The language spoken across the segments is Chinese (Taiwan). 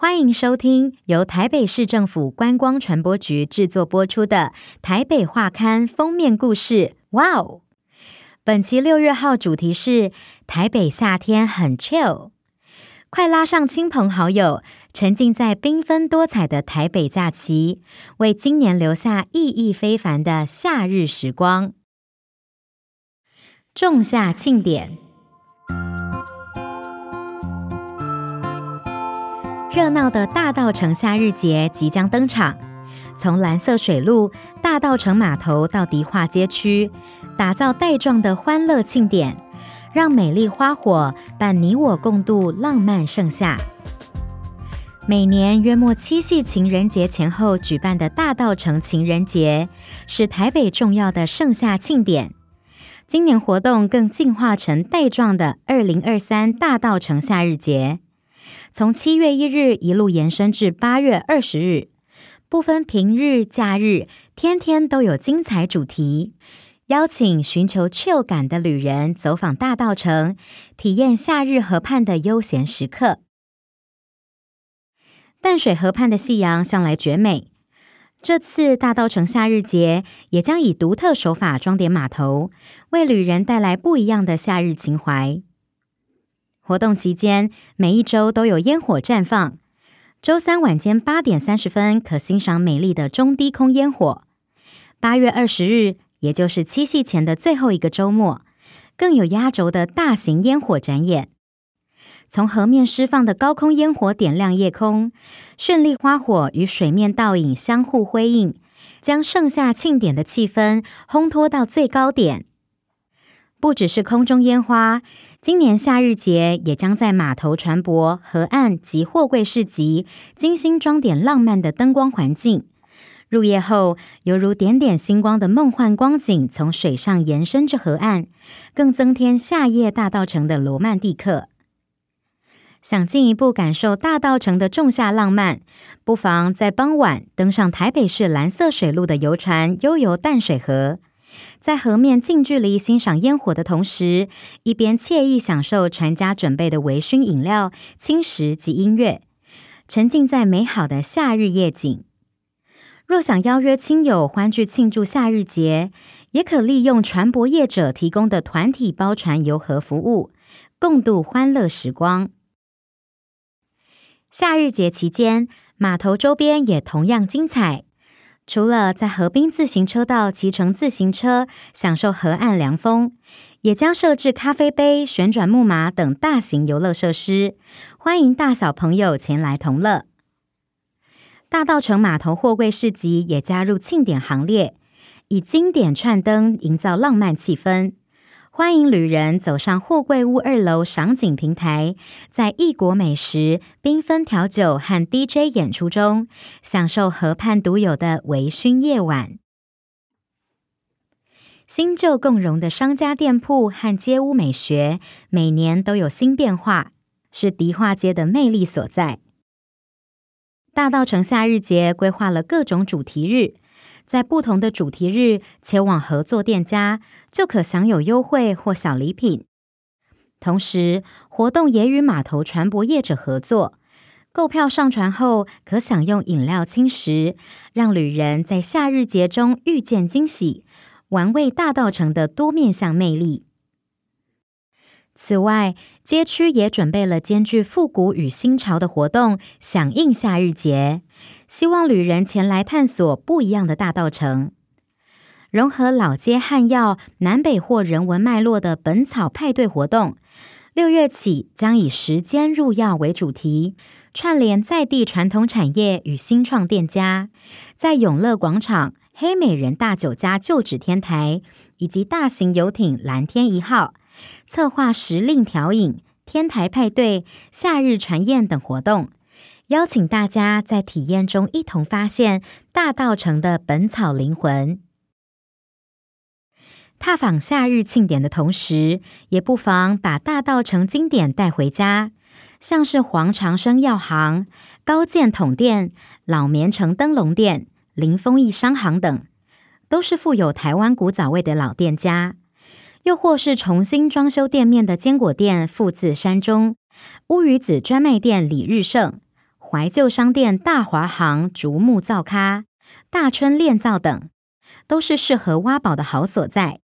歡迎收聽由台北市政府觀光傳播局制作播出的《台北畫刊》封面故事。哇哦！本期六月號主題是台北夏天很 chill，快拉上親朋好友，沉浸在繽紛多彩的台北假期，為今年留下意義非凡的夏日時光。仲夏慶典。熱鬧的大稻埕夏日節即將登場，從藍色水路、大稻埕碼頭到迪化街區，打造帶狀的歡樂慶典，讓美麗花火伴你我共度浪漫盛夏。每年約莫七夕情人節前後舉辦的大稻埕情人節，是台北重要的盛夏慶典。今年活動更進化成帶狀的二零二三大稻埕夏日節。從七月一日一路延伸至八月二十日，不分平日、假日，天天都有精彩主題，邀請尋求 chill 感的旅人走訪大稻埕，體驗夏日河畔的悠閒時刻。淡水河畔的夕陽向來絕美，這次大稻埕夏日節也將以獨特手法裝點碼頭，為旅人帶來不一樣的夏日情懷。活動期間，每一周都有煙火綻放。周三晚間八點三十分可欣賞美麗的中低空煙火。八月二十日，也就是七夕前的最後一個周末，更有壓軸的大型煙火展演。從河面釋放的高空煙火點亮夜空，絢麗花火與水面倒影相互輝映，將盛夏慶典的氣氛烘托到最高點。不只是空中煙花，今年夏日節也將在碼頭、船舶、河岸及貨櫃市集精心裝點浪漫的燈光環境。入夜後，猶如點點星光的夢幻光景從水上延伸至河岸，更增添夏夜大稻埕的羅曼蒂克。想進一步感受大稻埕的仲夏浪漫，不妨在傍晚登上台北市藍色水路的遊船，悠遊淡水河。在河面近距離欣賞煙火的同時，一邊愜意享受船家準備的微醺飲料、輕食及音樂，沉浸在美好的夏日夜景。若想邀約親友歡聚慶祝夏日節，也可利用船舶業者提供的團體包船遊河服務，共度歡樂時光。夏日節期間，碼頭周邊也同樣精彩。除了在河濱自行車道騎乘自行車，享受河岸涼風，也將設置咖啡杯、旋轉木馬等大型遊樂設施，歡迎大小朋友前來同樂。大稻埕碼頭貨櫃市集也加入慶典行列，以經典串燈營造浪漫氣氛。歡迎旅人走上貨櫃屋二樓賞景平台，在異國美食、繽紛調酒和 DJ 演出中，享受河畔獨有的微醺夜晚。新舊共榮的商家店鋪和街屋美學，每年都有新變化，是迪化街的魅力所在。大稻埕夏日節規劃了各種主題日。在不同的主題日前往合作店家，就可享有優惠或小禮品。同時，活動也與碼頭船舶業者合作，購票上船後可享用飲料輕食，讓旅人在夏日節中遇見驚喜，玩味大稻埕的多面向魅力。此外，街區也準備了兼具復古與新潮的活動，響應夏日節。希望旅人前來探索不一樣的大稻埕，融合老街漢藥南北貨人文脈絡的本草派對活動，六月起將以時間入藥為主題，串聯在地傳統產業與新創店家，在永樂廣場、黑美人大酒家舊址天台以及大型遊艇藍天一號，策劃時令調飲、天台派對、夏日船宴等活動。邀請大家在體驗中一同發現大稻埕的本草靈魂。踏訪夏日慶典的同時，也不妨把大稻埕經典帶回家，像是黃長生藥行、高建桶店、老綿成燈籠店、林豐益商行等，都是富有台灣古早味的老店家。又或是重新裝修店面的堅果店富自山中、烏魚子專賣店李日勝、懷舊商店大華行、竹木造咖、大春煉造等，都是適合挖寶的好所在。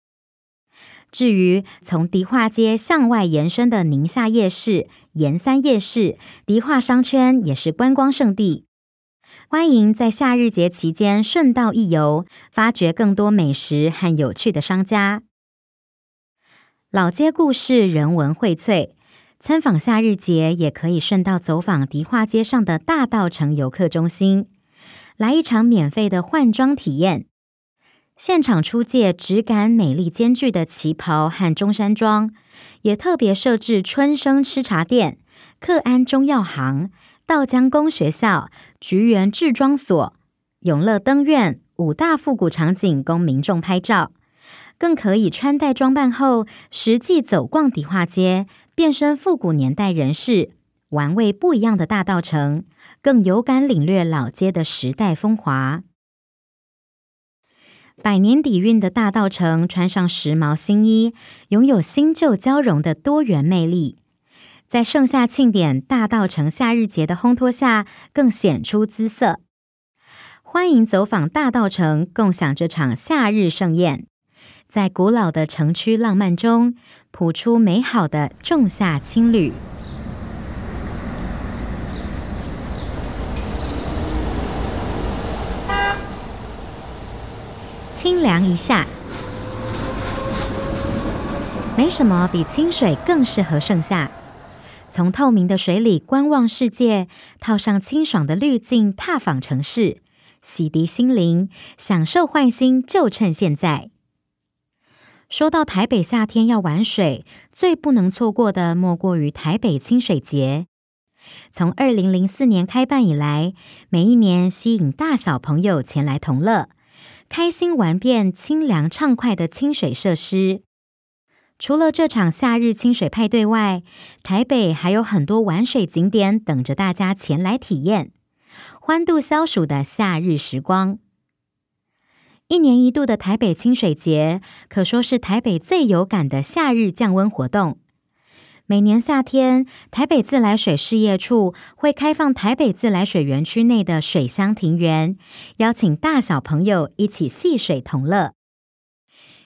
至於從迪化街向外延伸的寧夏夜市、延三夜市、迪化商圈，也是觀光勝地。歡迎在夏日節期間順道一遊，發掘更多美食和有趣的商家。老街故事，人文薈萃。參訪夏日節，也可以順道走訪迪化街上的大稻埕遊客中心，來一場免費的換裝體驗。現場出借質感美麗兼具的旗袍和中山裝，也特別設置春生吃茶店、客安中藥行、稻江公學校、菊園製裝所、永樂燈院五大復古場景供民眾拍照，更可以穿戴裝扮後實際走逛迪化街。變身復古年代人士，玩味不一樣的大稻埕，更有感領略老街的時代風華。百年底蘊的大稻埕穿上時髦新衣，擁有新舊交融的多元魅力，在盛夏慶典大稻埕夏日節的烘托下，更顯出姿色。歡迎走訪大稻埕，共享這場夏日盛宴。在古老的城區浪漫中，譜出美好的仲夏青旅。清涼一夏，沒什麼比清水更適合盛夏。從透明的水裡觀望世界，套上清爽的濾鏡，踏訪城市，洗滌心靈，享受煥新，就趁現在。說到台北夏天要玩水，最不能錯過的莫過於台北親水節。從二零零四年開辦以來，每一年吸引大小朋友前來同樂，開心玩遍清涼暢快的親水設施。除了這場夏日親水派對外，台北還有很多玩水景點等着大家前來體驗，歡度消暑的夏日時光。一年一度的台北親水節，可說是台北最有感的夏日降溫活動。每年夏天，台北自來水事業處會開放台北自來水園區內的水鄉庭園，邀請大小朋友一起戲水同樂。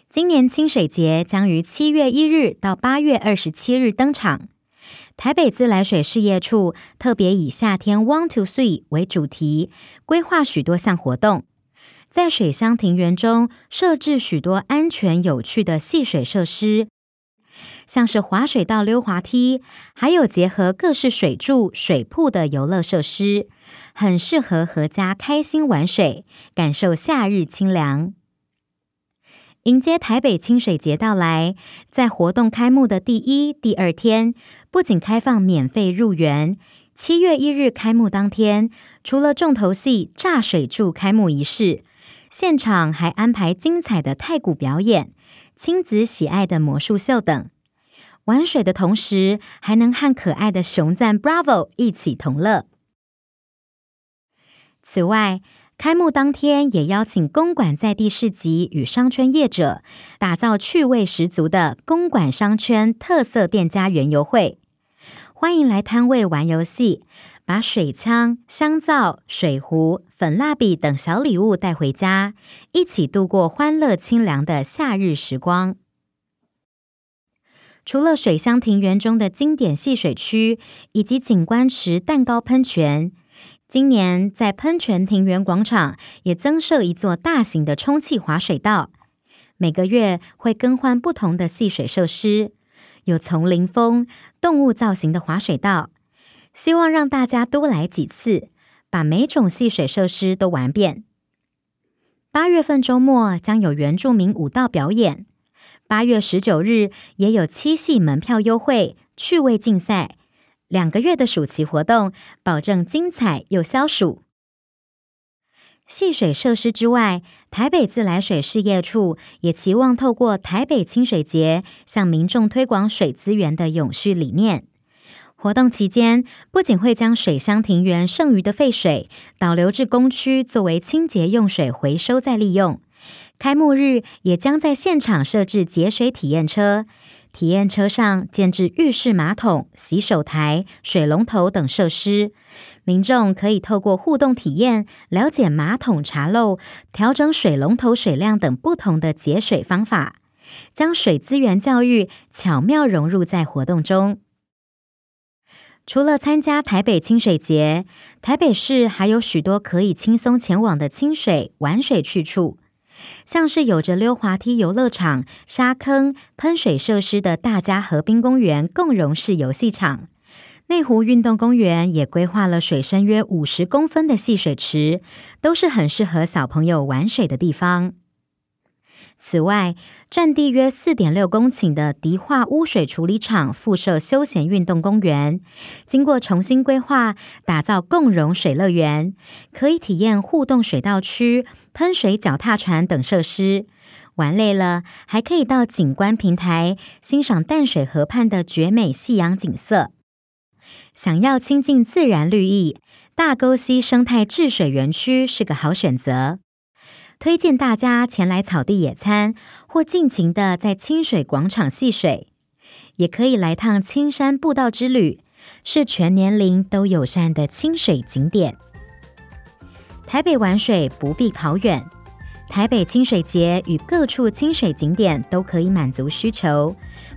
今年親水節將於七月一日到八月二十七日登場。台北自來水事業處特別以夏天 One Two Three 為主題，規劃許多項活動。在水鄉庭園中設置許多安全有趣的戲水設施，像是滑水道、溜滑梯，還有結合各式水柱、水瀑的遊樂設施，很適合合家開心玩水，感受夏日清涼。迎接台北親水節到來，在活動開幕的第一、第二天，不僅開放免費入園；七月一日開幕當天，除了重頭戲炸水柱開幕儀式。現場還安排精彩的太鼓表演、親子喜愛的魔術秀等，玩水的同時還能和可愛的熊贊 Bravo 一起同樂。此外，開幕當天也邀請公館在地市集與商圈業者，打造趣味十足的公館商圈特色店家園遊會，歡迎來攤位玩遊戲，把水槍、香皂、水壺、粉蠟筆等小禮物帶回家，一起度過歡樂清涼的夏日時光。除了水鄉庭園中的經典戲水區以及景觀池、蛋糕噴泉，今年在噴泉庭園廣場也增設一座大型的充氣滑水道，每個月會更換不同的戲水設施，有叢林風、動物造型的滑水道。希望讓大家多來幾次，把每種戲水設施都玩遍。八月份周末將有原住民舞蹈表演，八月十九日也有七夕門票優惠、趣味競賽。兩個月的暑期活動，保證精彩又消暑。戲水設施之外，台北自來水事業處也期望透過台北親水節，向民眾推廣水資源的永續理念。活動期間，不僅會將水鄉庭園剩餘的廢水導流至工區，作為清潔用水回收再利用。開幕日也將在現場設置節水體驗車，體驗車上建置浴室馬桶、洗手台、水龍頭等設施，民眾可以透過互動體驗了解馬桶查漏、調整水龍頭水量等不同的節水方法，將水資源教育巧妙融入在活動中。除了參加台北親水節，台北市還有許多可以輕鬆前往的親水玩水去處，像是有着溜滑梯、遊樂場、沙坑、噴水設施的大佳河濱公園共融式遊戲場，內湖運動公園也規劃了水深約五十公分的戲水池，都是很適合小朋友玩水的地方。此外，占地約四點六公頃的迪化污水處理廠附設休閒運動公園，經過重新規劃，打造共融水樂園，可以體驗互動水道區、噴水腳踏船等設施。玩累了，還可以到景觀平台欣賞淡水河畔的絕美夕陽景色。想要親近自然綠意，大溝溪生態治水園區是個好選擇。推薦大家前來草地野餐，或盡情的在親水廣場戲水，也可以來趟青山步道之旅，是全年齡都友善的親水景點。台北玩水不必跑遠，台北親水節與各處親水景點都可以滿足需求。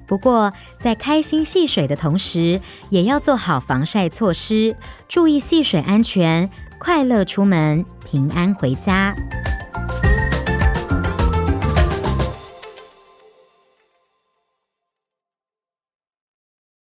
不過，在開心戲水的同時，也要做好防曬措施，注意戲水安全，快樂出門，平安回家。